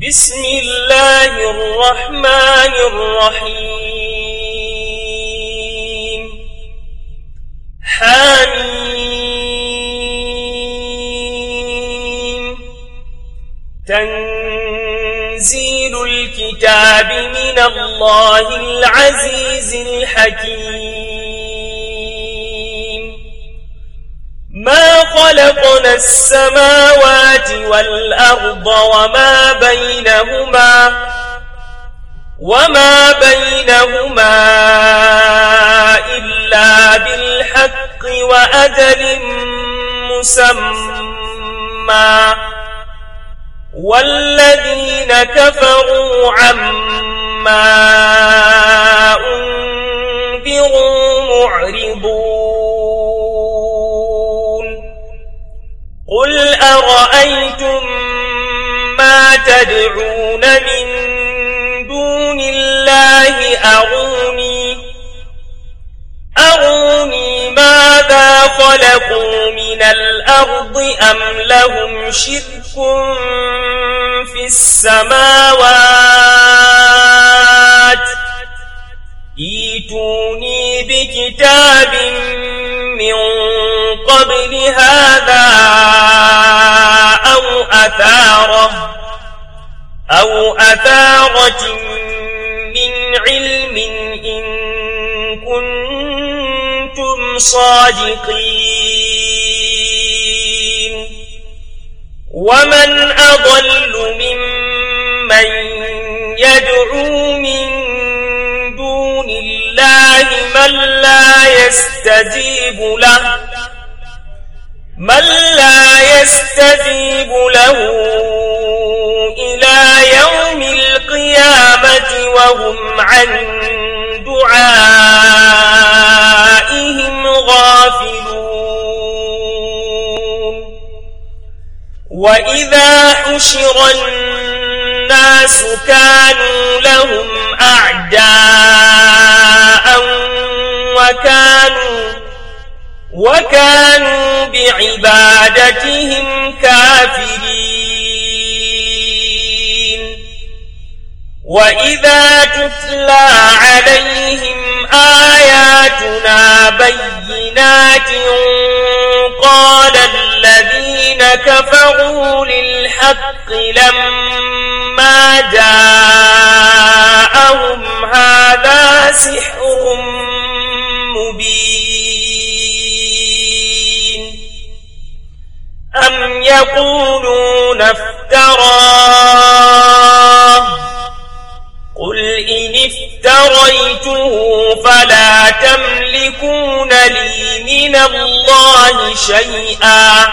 بسم الله الرحمن الرحيم حميم تنزيل الكتاب من الله العزيز الحكيم ما خلقنا السماوات والأرض وما بينهما وما بينهما إلا بالحق وأجل مسمى والذين كفروا عما أنذروا معرضون قل أرأيتم ما تدعون من دون الله أروني أروني ماذا خلقوا من الأرض أم لهم شرك في السماوات إيتوني بكتاب من قبل هذا أو أثارة أو أثارة من علم إن كنتم صادقين ومن أضل ممن يدعو من دون الله من لا يستجيب له من لا يستجيب له إلى يوم القيامة وهم عن دعائهم غافلون وإذا حشر الناس كانوا لهم أعداء وكانوا وكانوا بعبادتهم كافرين وإذا تتلى عليهم آياتنا بينات قال الذين كفروا للحق لما جاءهم هذا سحر مبين أم يقولون افتراه قل إن افتريته فلا تملكون لي من الله شيئا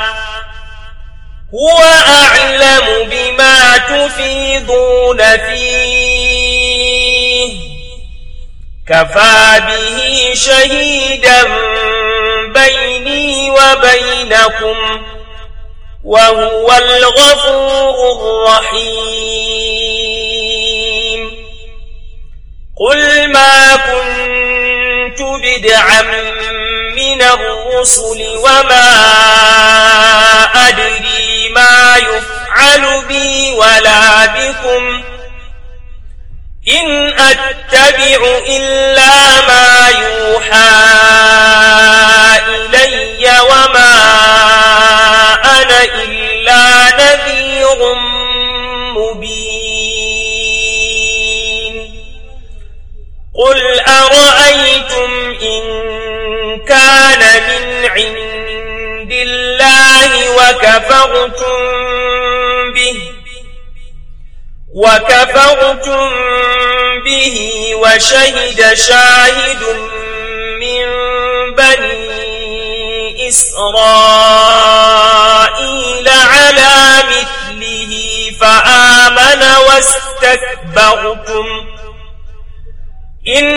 هو أعلم بما تفيضون فيه كفى به شهيدا بيني وبينكم وهو الغفور الرحيم قل ما كنت بدعا من الرسل وما أدري ما يفعل بي ولا بكم إن أتبع إلا ما يوحى بالله وكفرتم به وكفرتم به وشهد شاهد من بني إسرائيل على مثله فآمن واستكبرتم إن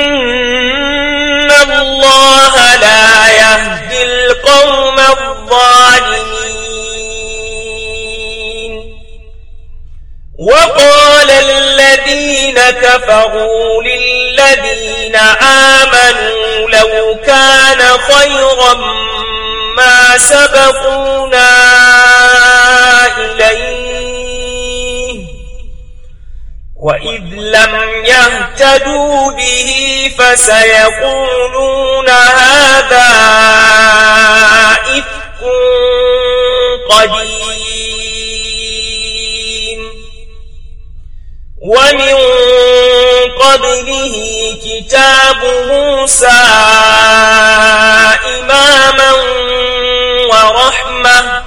الظالمين وقال الذين كفروا للذين آمنوا لو كان خيرا ما سبقونا إليه وإذ لم يهتدوا به فسيقولون هذا قديم ومن قبله كتاب موسى إماما ورحمة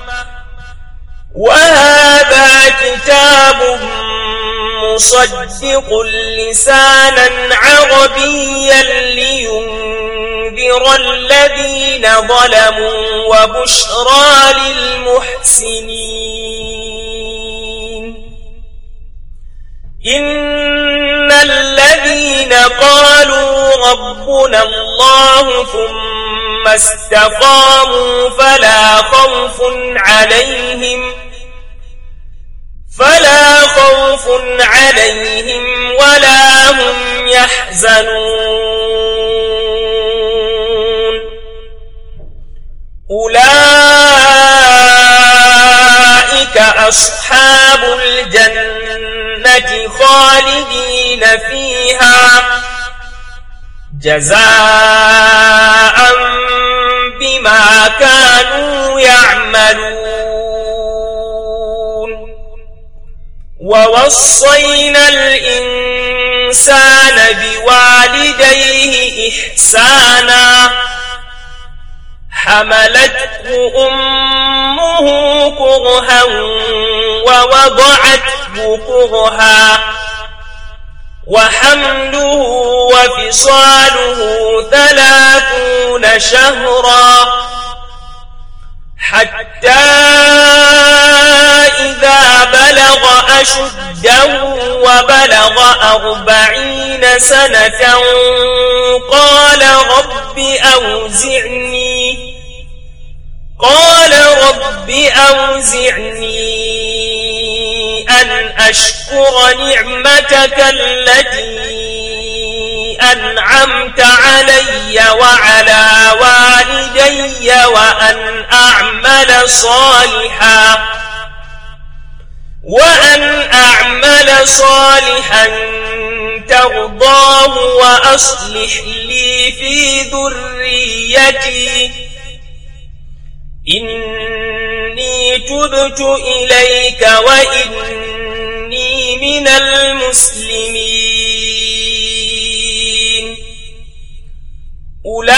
وهذا كتاب مصدق لسانا عربيا لينذر أجر الذين ظلموا وبشرى للمحسنين إن الذين قالوا ربنا الله ثم استقاموا فلا خوف عليهم فلا خوف عليهم ولا هم يحزنون أولئك أصحاب الجنة خالدين فيها جزاء بما كانوا يعملون ووصينا الإنسان بوالديه إحساناً حملته أمه كرها ووضعته كرها وحمله وفصاله ثلاثون شهرا حتى إذا بلغ أشده وبلغ أربعين سنة قال رب أوزعني قال رب أوزعني أن أشكر نعمتك التي أنعمت علي وعلى والدي وأن أعمل صالحا وأن أعمل صالحا ترضاه وأصلح لي في ذريتي إني تبت إليك وإني من المسلمين أولئك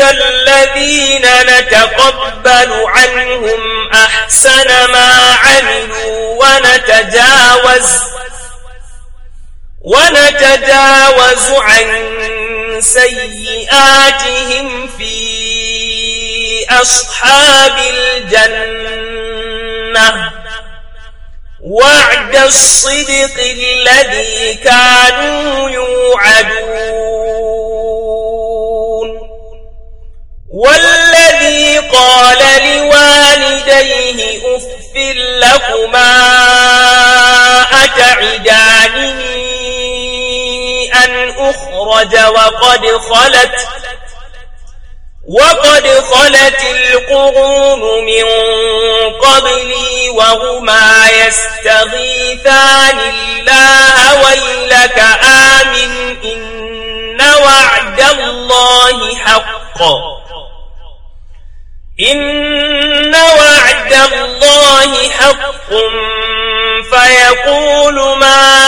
الذين نتقبل عنهم أحسن ما عملوا ونتجاوز ونتجاوز عن سيئاتهم في أصحاب الجنة وعد الصدق الذي كانوا يوعدون والذي قال لوالديه أف لكما أتعدانني أن أخرج وقد خلت وقد خلت القرون من قبلي وهما يستغيثان الله ويلك آمن إن وعد الله حق إن وعد الله حق فيقول ما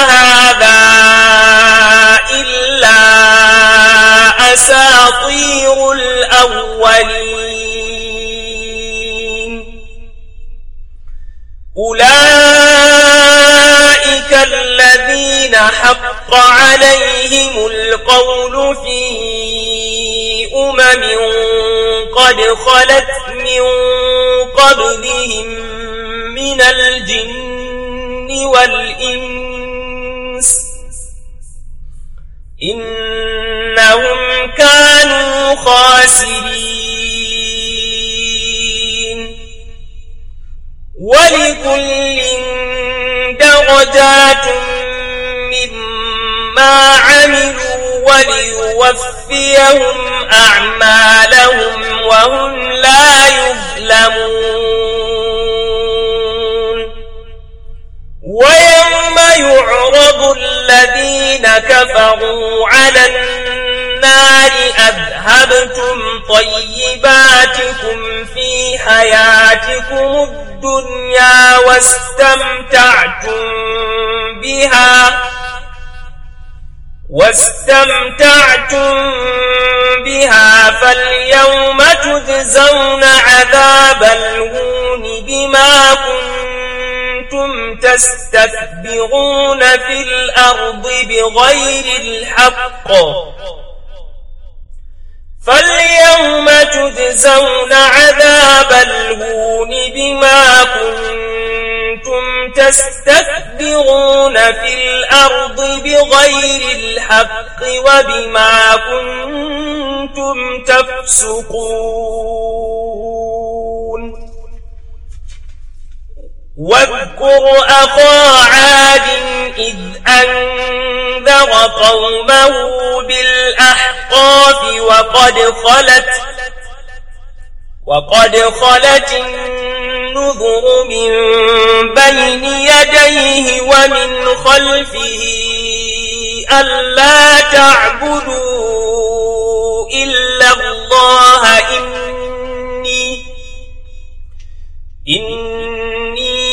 حق عليهم القول في أمم قد خلت من قبلهم من الجن والإنس إنهم كانوا خاسرين ولكل درجات عملوا وليوفيهم أعمالهم وهم لا يظلمون ويوم يعرض الذين كفروا على النار أذهبتم طيباتكم في حياتكم الدنيا واستمتعتم بها واستمتعتم بها فاليوم تجزون عذاب الهون بما كنتم تستكبرون في الأرض بغير الحق فاليوم تجزون عذاب الهون بما كنتم يستكبرون في الأرض بغير الحق وبما كنتم تفسقون واذكر أخا عاد إذ أنذر قومه بالأحقاف وقد خلت وقد خلت نذر من بين يديه ومن خلفه ألا تعبدوا إلا الله إني إني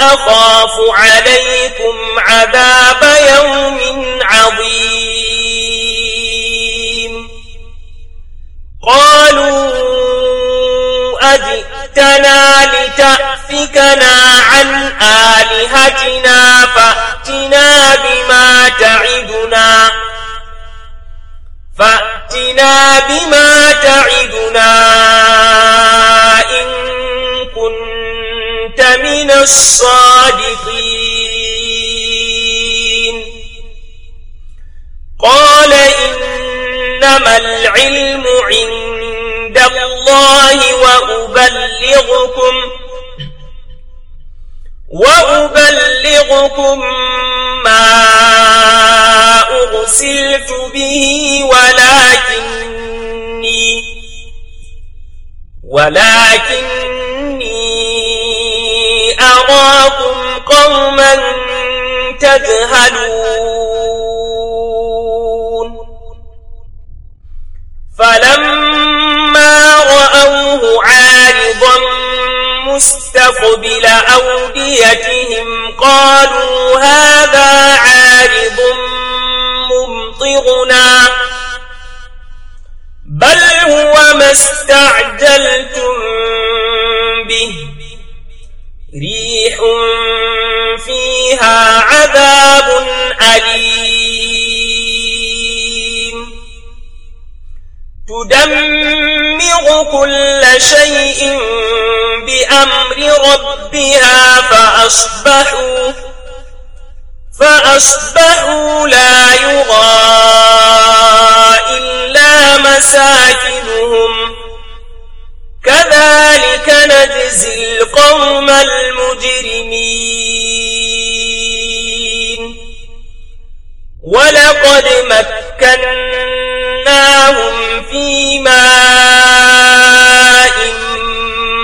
أخاف عليكم عذاب يوم عظيم قالوا أجئ جئتنا لتأفكنا عن آلهتنا فأتنا بما تعدنا فأتنا بما تعدنا إن كنت من الصادقين قال إنما العلم عند الله وأبلغكم وأبلغكم ما أرسلت به ولكني ولكني أراكم قوما تجهلون مستقبل أوديتهم قالوا هذا عارض ممطرنا بل هو ما استعجلتم به ريح فيها عذاب أليم تدمر كل شيء بأمر ربها فأصبحوا فأصبحوا لا يغى إلا مساكنهم كذلك نجزي القوم المجرمين ولقد مكناهم في ماء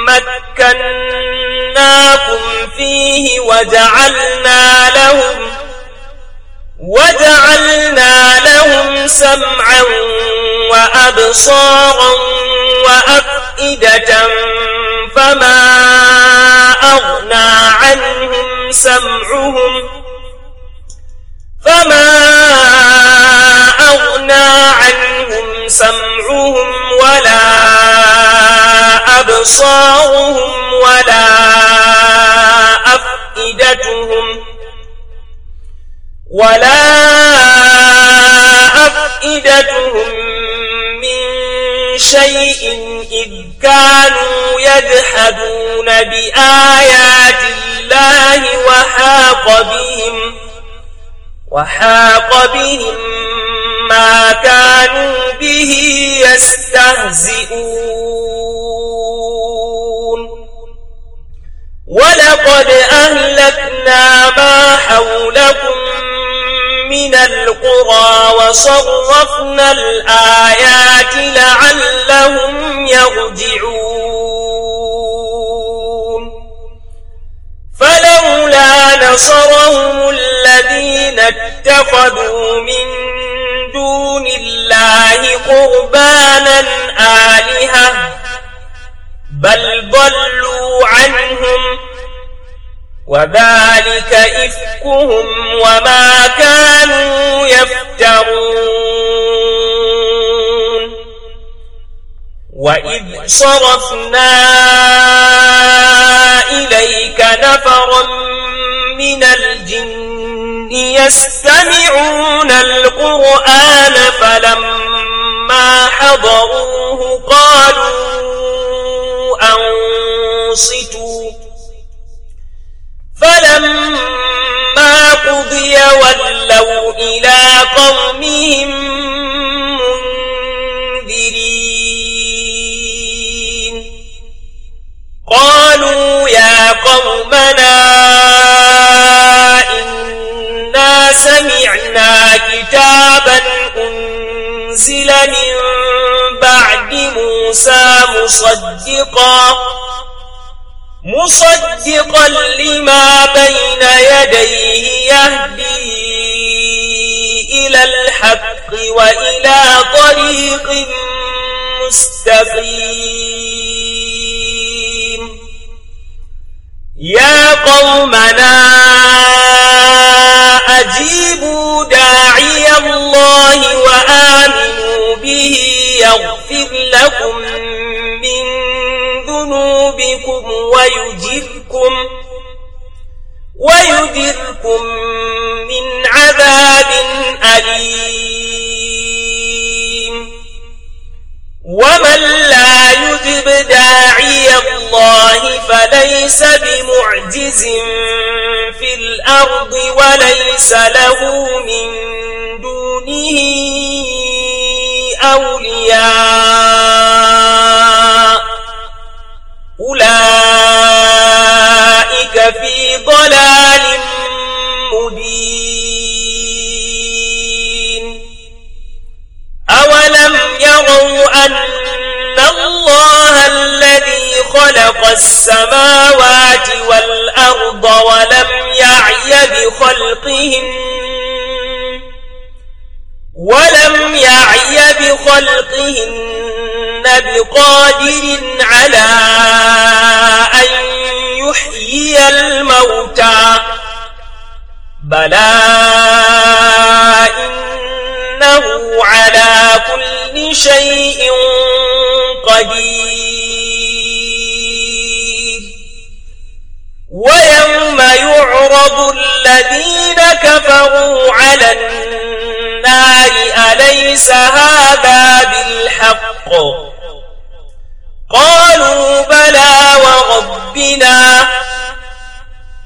مكناهم أَسْكَنَّاكُمْ فيه وجعلنا لهم وجعلنا لهم سمعا وأبصارا وأفئدة فما أغنى عنهم سمعهم فما أغنى عنهم سمعهم ولا أبصارهم ولا أفئدتهم ولا أفئدتهم من شيء إذ كانوا يجحدون بآيات الله وحاق بهم وحاق بهم ما كانوا به يستهزئون ولقد أهلكنا ما حولكم من القرى وصرفنا الآيات لعلهم يرجعون فلولا نصرهم الذين اتخذوا من دون الله قربانا آلهة بل ضلوا عنهم وذلك إفكهم وما كانوا يفترون وإذ صرفنا إليك نفرا من الجن يستمعون القرآن فلما حضروا أنصتوا فلما قضي ولوا إلى قومهم منذرين قالوا يا قومنا إنا سمعنا كتابا أنزل من بعد موسى مصدقا مصدقا لما بين يديه يهدي إلى الحق وإلى طريق مستقيم يا قومنا أجيبوا داعي الله وآمنوا به يغفر لكم من ذنوبكم ويجركم ويجركم من عذاب أليم ومن لا يذب داعي الله فليس بمعجز في الأرض وليس له من دونه أولياء السماوات والأرض ولم يعي بخلقهن ولم يعي بخلقهن بقادر على أن يحيي الموتى بلى إنه على كل شيء قدير يعرض الذين كفروا على النار أليس هذا بالحق قالوا بلى وربنا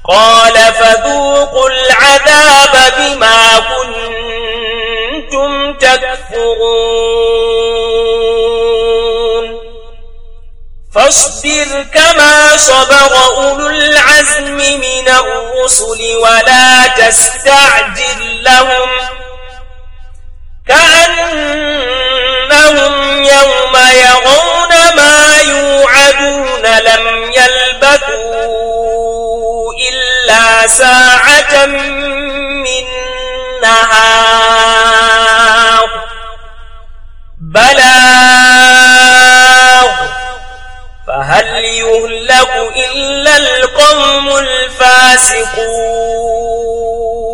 قال فذوقوا العذاب بما كنتم تكفرون فاصبر كما صبر الرسل ولا تستعجل لهم كأنهم يوم يرون ما يوعدون لم يلبثوا إلا ساعة من نهار بلاغ فهل يهلك إلا القوم الفاسقون